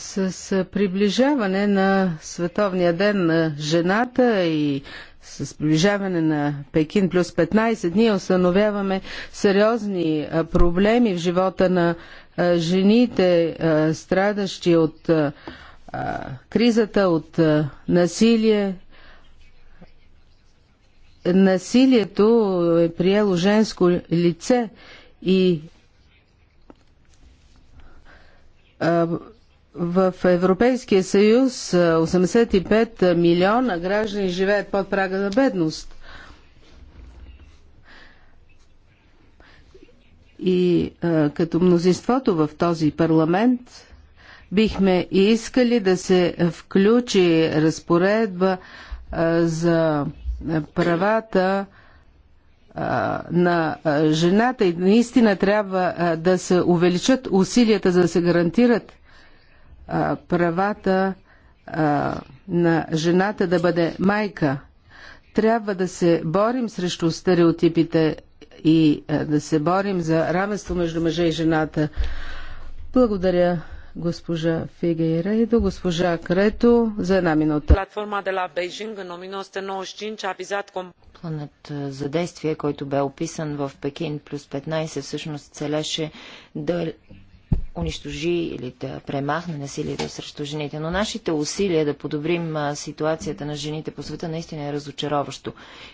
С приближаване на Световния ден на жената и с приближаване на Пекин плюс 15 ние установяваме сериозни проблеми в живота на жените, страдащи от кризата, от насилие. Насилието е приело женско лице и в Европейския съюз 85 е, милиона граждани живеят под прага на бедност. И е, като мнозинството в този парламент бихме искали да се включи разпоредба е, за правата на жената и наистина трябва да се увеличат усилията за да се гарантират а, правата а, на жената да бъде майка. Трябва да се борим срещу стереотипите и а, да се борим за равенство между мъжа и жената. Благодаря госпожа и Фигейрейдо, госпожа Крето за една минута. Платформа де ла Бейжинг в 1995 a vizat Планът за действие, който бе описан в Пекин плюс 15, всъщност целеше да унищожи или да премахне насилието срещу жените. Но нашите усилия да подобрим ситуацията на жените по света наистина е разочароващо.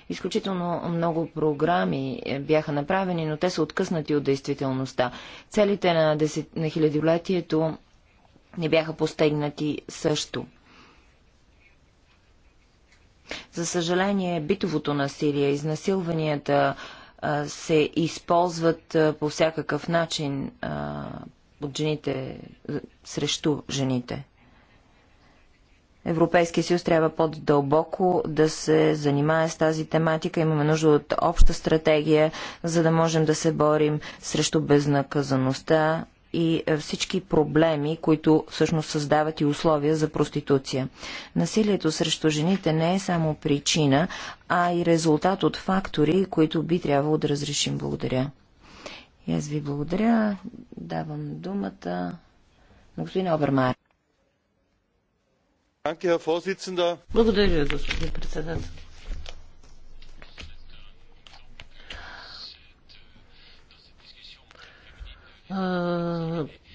Изключително много програми е, бяха направени, но те са откъснати от действителността. Целите на, десет... на хилядолетието не бяха постегнати също. За съжаление, битовото насилие, изнасилванията се използват по всякакъв начин от жените срещу жените. Европейския съюз трябва по-дълбоко да се занимае с тази тематика. Имаме нужда от обща стратегия, за да можем да се борим срещу безнаказаността и е, всички проблеми, които всъщност създават и условия за проституция. Насилието срещу жените не е само причина, а и резултат от фактори, които би трябвало да разрешим. Благодаря. И аз ви благодаря. Давам думата на господин Обермайер. Благодаря, господин председател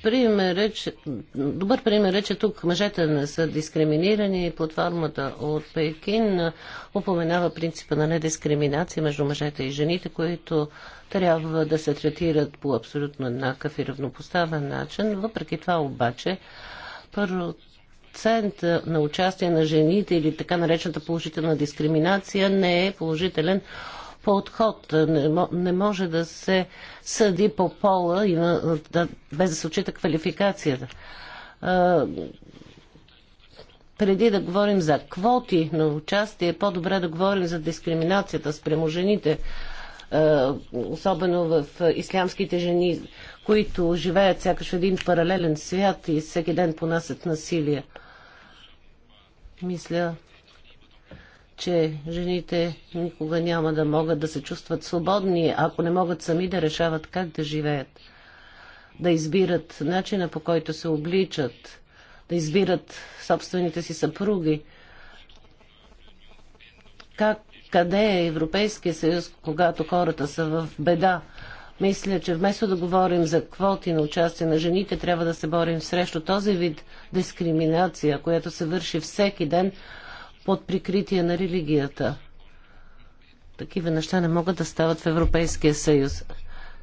пример е, че, добър пример е, че тук мъжете не са дискриминирани и платформата от Пекин упоменава принципа на недискриминация между мъжете и жените, които трябва да се третират по абсолютно еднакъв и равнопоставен начин. Въпреки това обаче, процент на участие на жените или така наречената положителна дискриминация не е положителен подход. Не може да се съди по пола и на, да, без да се отчита квалификацията. А, преди да говорим за квоти на участие, е по-добре да говорим за дискриминацията спрямо жените, а, особено в ислямските жени, които живеят сякаш в един паралелен свят и всеки ден понасят насилие. Мисля, че жените никога няма да могат да се чувстват свободни, ако не могат сами да решават как да живеят, да избират начина по който се обличат, да избират собствените си съпруги. Как, къде е Европейския съюз, когато хората са в беда? Мисля, че вместо да говорим за квоти на участие на жените, трябва да се борим срещу този вид дискриминация, която се върши всеки ден под прикритие на религията. Такива неща не могат да стават в Европейския съюз.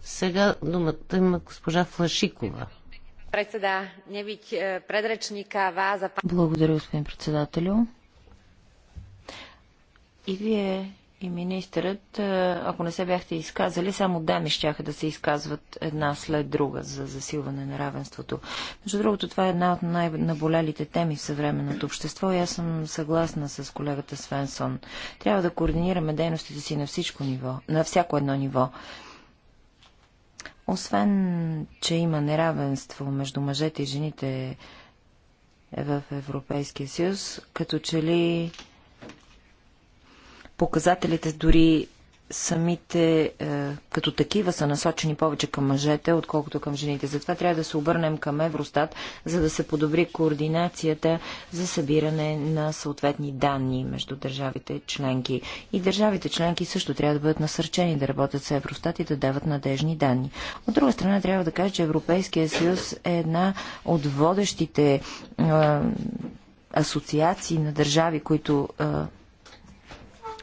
Сега думата има госпожа Флашикова. Е, Благодаря, господин председателю. И вие и министърът, ако не се бяхте изказали, само дами ще да се изказват една след друга за засилване на равенството. Между другото, това е една от най-наболелите теми в съвременното общество и аз съм съгласна с колегата Свенсон. Трябва да координираме дейностите си на всичко ниво, на всяко едно ниво. Освен, че има неравенство между мъжете и жените в Европейския съюз, като че ли показателите дори самите е, като такива са насочени повече към мъжете, отколкото към жените. Затова трябва да се обърнем към Евростат, за да се подобри координацията за събиране на съответни данни между държавите членки. И държавите членки също трябва да бъдат насърчени да работят с Евростат и да дават надежни данни. От друга страна трябва да кажа, че Европейския съюз е една от водещите е, асоциации на държави, които е,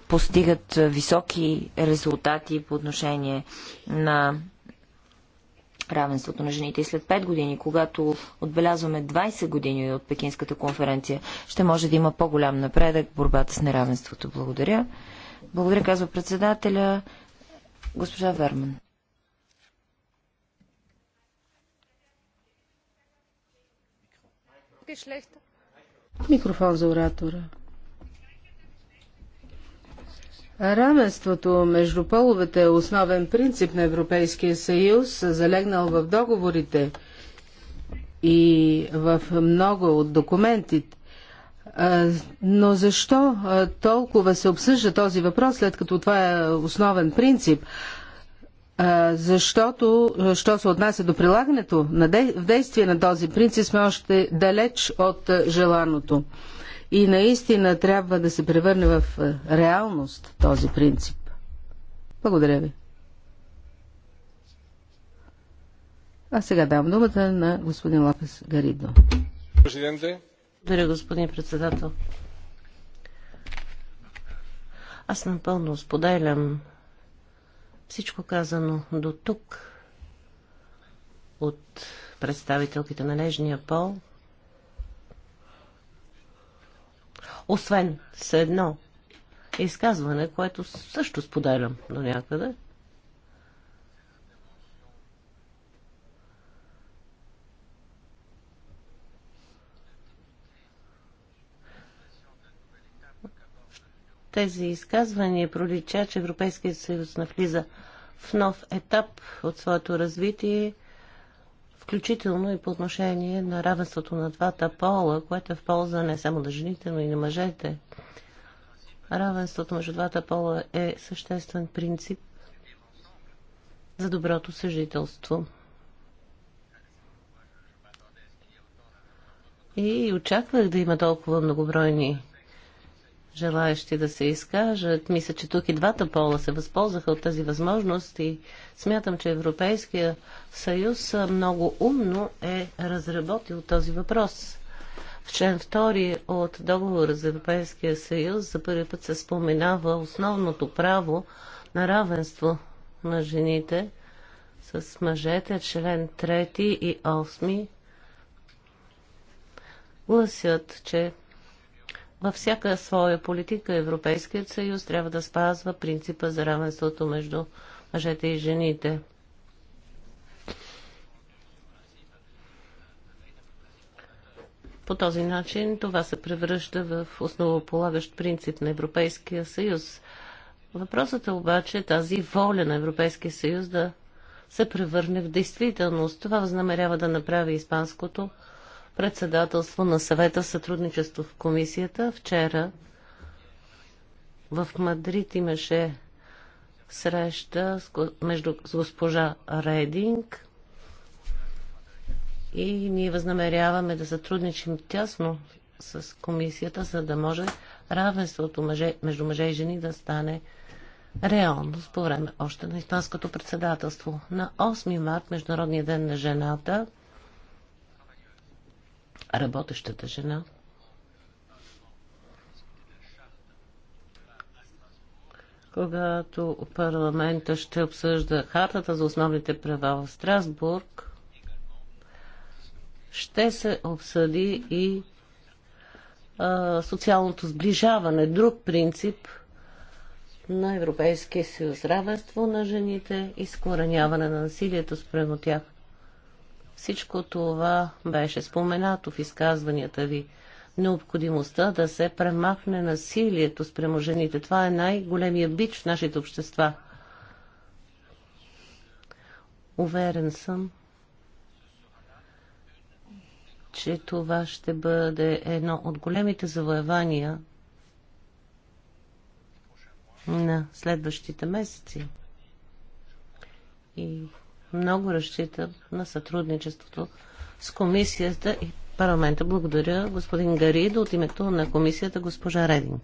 постигат високи резултати по отношение на равенството на жените. И след 5 години, когато отбелязваме 20 години от Пекинската конференция, ще може да има по-голям напредък в борбата с неравенството. Благодаря. Благодаря, казва председателя госпожа Верман. Микрофон за оратора. Равенството между половете е основен принцип на Европейския съюз, залегнал в договорите и в много от документите. Но защо толкова се обсъжда този въпрос, след като това е основен принцип? Защото, що се отнася до прилагането в действие на този принцип, сме още далеч от желаното. И наистина трябва да се превърне в е, реалност този принцип. Благодаря ви. А сега давам думата на господин Лапес Гаридо. Благодаря, господин председател. Аз напълно споделям всичко казано до тук от представителките на Нежния пол – Освен с едно изказване, което също споделям до някъде. тези изказвания пролича, че Европейския съюз навлиза в нов етап от своето развитие – включително и по отношение на равенството на двата пола, което е в полза не само на жените, но и на мъжете. Равенството между двата пола е съществен принцип за доброто съжителство. И очаквах да има толкова многобройни желаящи да се изкажат. Мисля, че тук и двата пола се възползваха от тази възможност и смятам, че Европейския съюз много умно е разработил този въпрос. В член 2 от договора за Европейския съюз за първи път се споменава основното право на равенство на жените с мъжете, член 3 и 8 гласят, че във всяка своя политика Европейският съюз трябва да спазва принципа за равенството между мъжете и жените. По този начин това се превръща в основополагащ принцип на Европейския съюз. Въпросът е обаче тази воля на Европейския съюз да се превърне в действителност. Това възнамерява да направи Испанското председателство на съвета в сътрудничество в комисията. Вчера в Мадрид имаше среща с, между, с госпожа Рединг и ние възнамеряваме да сътрудничим тясно с комисията, за да може равенството мъже, между мъже и жени да стане реалност по време още на Испанското председателство. На 8 март, Международния ден на жената, работещата жена. Когато парламента ще обсъжда хартата за основните права в Страсбург, ще се обсъди и а, социалното сближаване, друг принцип на Европейския съюз, равенство на жените и скореняване на насилието спрямо тях. Всичко това беше споменато в изказванията ви. Необходимостта да се премахне насилието спрямо жените. Това е най-големия бич в нашите общества. Уверен съм, че това ще бъде едно от големите завоевания на следващите месеци. И много разчитам на сътрудничеството с комисията и парламента. Благодаря господин Гаридо от името на комисията госпожа Редин.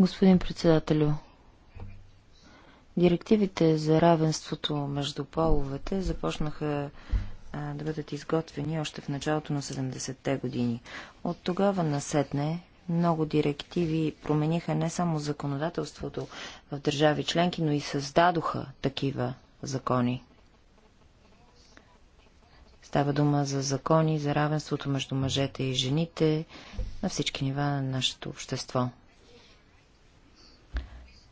Господин председателю, директивите за равенството между половете започнаха да бъдат изготвени още в началото на 70-те години. От тогава насетне много директиви промениха не само законодателството в държави членки, но и създадоха такива закони. Става дума за закони, за равенството между мъжете и жените на всички нива на нашето общество.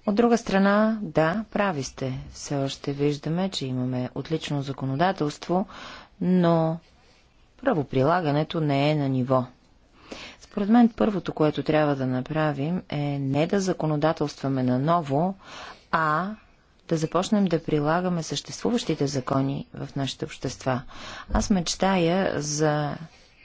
От друга страна, да, прави сте. Все още виждаме, че имаме отлично законодателство, но правоприлагането не е на ниво. Според мен първото, което трябва да направим е не да законодателстваме наново, а да започнем да прилагаме съществуващите закони в нашите общества. Аз мечтая за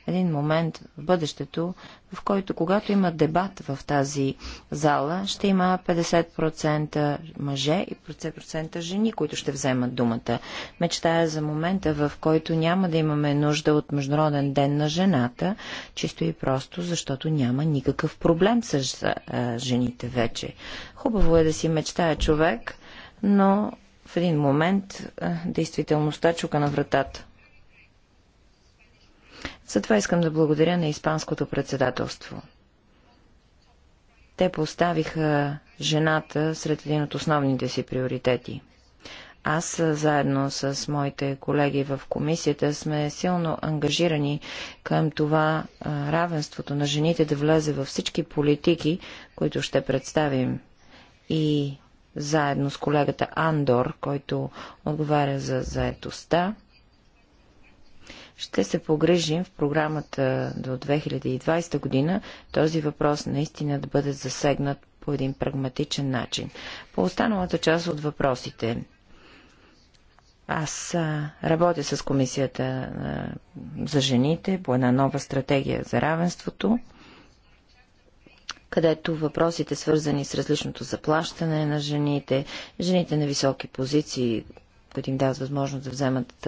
един момент в бъдещето, в който когато има дебат в тази зала, ще има 50% мъже и 50% жени, които ще вземат думата. Мечтая за момента, в който няма да имаме нужда от Международен ден на жената, чисто и просто, защото няма никакъв проблем с жените вече. Хубаво е да си мечтая човек, но в един момент действителността чука на вратата. Затова искам да благодаря на Испанското председателство. Те поставиха жената сред един от основните си приоритети. Аз, заедно с моите колеги в комисията, сме силно ангажирани към това равенството на жените да влезе във всички политики, които ще представим. И заедно с колегата Андор, който отговаря за заетостта, ще се погрежим в програмата до 2020 година този въпрос наистина да бъде засегнат по един прагматичен начин. По останалата част от въпросите. Аз работя с комисията за жените по една нова стратегия за равенството, където въпросите свързани с различното заплащане на жените, жените на високи позиции, които им дават възможност да вземат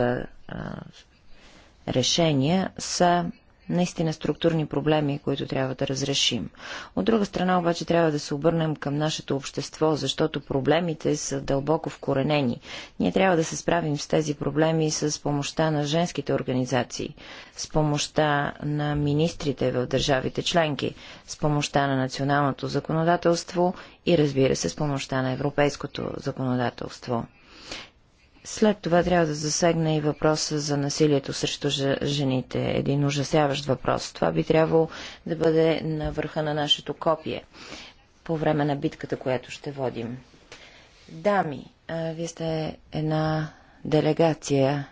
решения са наистина структурни проблеми, които трябва да разрешим. От друга страна обаче трябва да се обърнем към нашето общество, защото проблемите са дълбоко вкоренени. Ние трябва да се справим с тези проблеми с помощта на женските организации, с помощта на министрите в държавите членки, с помощта на националното законодателство и разбира се с помощта на европейското законодателство. След това трябва да засегна и въпроса за насилието срещу жените. Един ужасяващ въпрос. Това би трябвало да бъде на върха на нашето копие по време на битката, която ще водим. Дами, вие сте една делегация,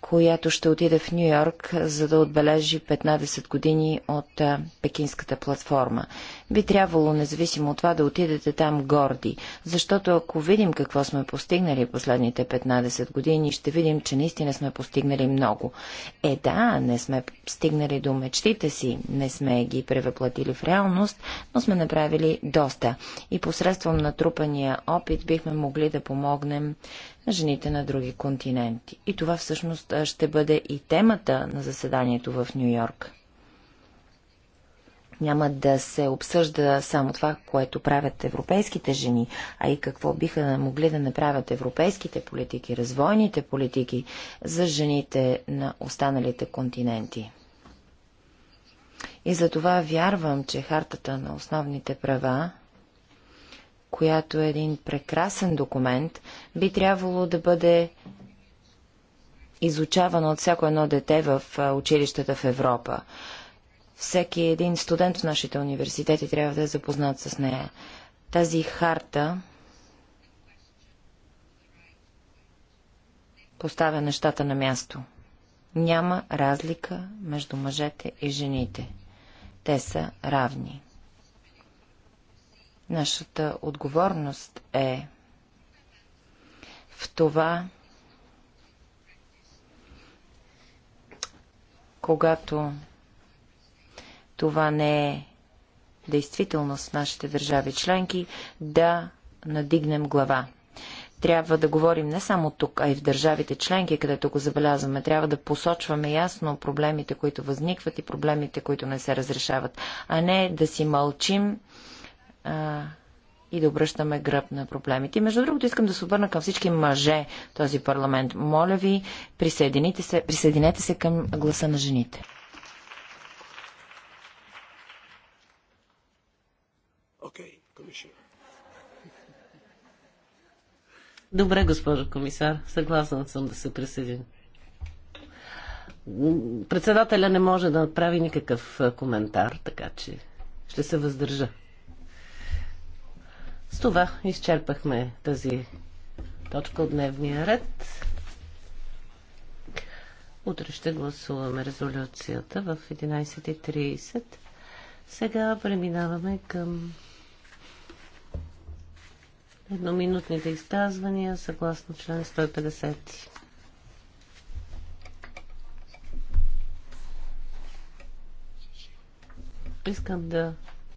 която ще отиде в Нью Йорк, за да отбележи 15 години от Пекинската платформа би трябвало, независимо от това, да отидете там горди. Защото ако видим какво сме постигнали последните 15 години, ще видим, че наистина сме постигнали много. Е да, не сме стигнали до мечтите си, не сме ги превъплатили в реалност, но сме направили доста. И посредством натрупания опит бихме могли да помогнем на жените на други континенти. И това всъщност ще бъде и темата на заседанието в Нью Йорк няма да се обсъжда само това, което правят европейските жени, а и какво биха могли да направят европейските политики, развойните политики за жените на останалите континенти. И за това вярвам, че хартата на основните права, която е един прекрасен документ, би трябвало да бъде изучавана от всяко едно дете в училищата в Европа. Всеки един студент в нашите университети трябва да е запознат с нея. Тази харта поставя нещата на място. Няма разлика между мъжете и жените. Те са равни. Нашата отговорност е в това, когато това не е действителност в нашите държави членки, да надигнем глава. Трябва да говорим не само тук, а и в държавите членки, където го забелязваме. Трябва да посочваме ясно проблемите, които възникват и проблемите, които не се разрешават, а не да си мълчим а, и да обръщаме гръб на проблемите. И между другото искам да се обърна към всички мъже в този парламент. Моля ви, присъединете се, присъединете се към гласа на жените. Okay, Добре, госпожо комисар. Съгласен съм да се присъединя. Председателя не може да направи никакъв коментар, така че ще се въздържа. С това изчерпахме тази точка от дневния ред. Утре ще гласуваме резолюцията в 11.30. Сега преминаваме към Едноминутните изказвания съгласно член 150. Искам да